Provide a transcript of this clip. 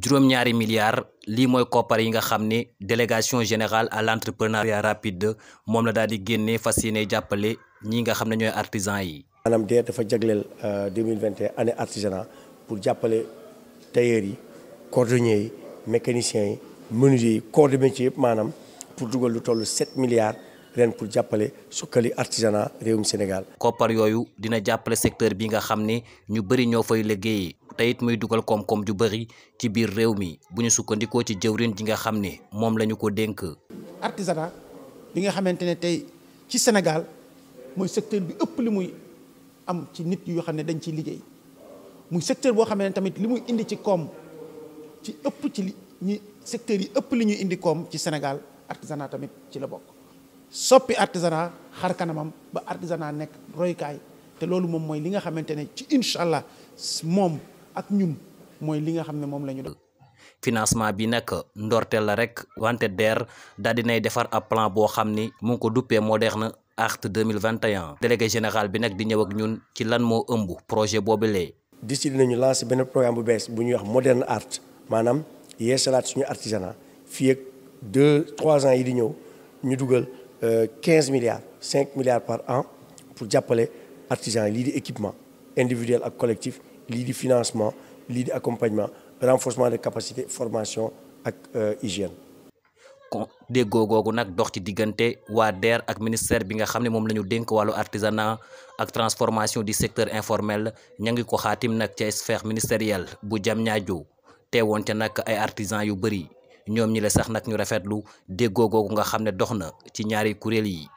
juróom-ñaari milliards lii mooy koppar yi nga xam ne délégation général à l'entrepreneuriat rapide moom la daal di génne fas yéene jàppale ñi nga xam ne ñooy artisans yi. maanaam DER e dafa jagleel 2021 euh, année artisanat pour jàppale tailleurs yi cordonniers yi mécaniciens yi menuisiers yi corps de métier yëpp maanaam pour dugal lu tollu 7 milliards. ren pour jàppale sukkali artisanat réewum Sénégal. koppar yooyu dina jàppale secteur bi nga xam ne ñu bëri ñoo fay liggéey te it muy dugal koom-koom ju bari ci biir réew mi bu ñu sukkandikoo ci jëwrin ji nga xam ne moom lañu ko dénk. artisanat bi nga xamante ne tey ci Sénégal mooy secteur bi ëpp li muy am ci nit yoo xam ne dañ ciy liggéey muy secteur boo xam ne tamit li muy indi ci koom ci ëpp ci li ñi secteurs yi ëpp li ñuy indi koom ci Sénégal artisanat tamit ci la bokk. soppi artisanat xar kanamam ba artisanat nekk roykaay te loolu moom mooy li nga xamante ne ci incha allah moom ak ñun mooy li nga xam ne moom la ñu def financement bi nag ndorteel la rek wante DER daal dinay defar a plan boo xam ni mu ngi ko duppee moderne art 2021 délégué général bi nag di ñëw ak ñun ci lan moo ëmb projet boobu lee d'ici nañu lance benn programme bu bees bu ñuy wax moderne art maanaam yeesalaat suñu artisanat fii ak deux trois ans yi di ñëw ñu dugal euh, quinze milliards cinq milliards par an pour jàppale artisans lii di équipement individuel ak collectif lii di financement lii de accompagnement renforcement de capacité formation ak euh, hygiène. kon déggoo googu nag dox ci diggante waa DER ak ministère bi nga xam ne moom lañu dénk wàllu artisanat ak transformation di secteur informel ña ngi ko xaatim nag ca sphère ministérielle bu Diamniadio teewoon ca nag ay artisans yu bëri ñoom ñi la sax nag ñu rafetlu déggoo googu nga xam ne dox na ci ñaari kuréel yi.